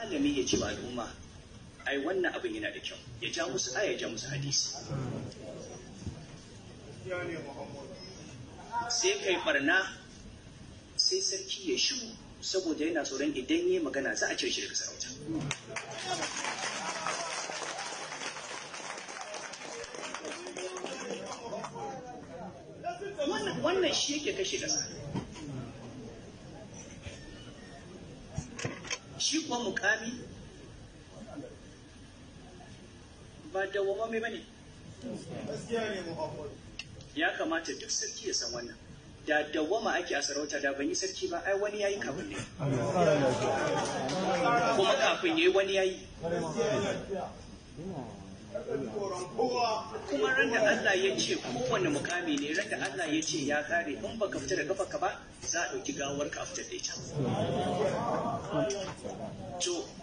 malami ya ce ba al'umma ai wannan abin yana da kyau ya ja musu aya ya ja musu hadisi sai kai barna sai sarki ya shigo saboda yana tsoron idan yi magana za a cire shi daga sarauta wannan shi yake kashe kasa shi kuwa mukami ba dawwamame ba ne ya kamata duk sarki ya san wannan da dawama ake a sarauta da ban yi sarki ba ai wani yayi kafin ne kuma kafin yayi wani yayi kuma ran da Allah ya ce kowane mukami ne ran da Allah ya ce ya kare in baka fita da kafa ka ba za a ɗauki gawar ka a da ita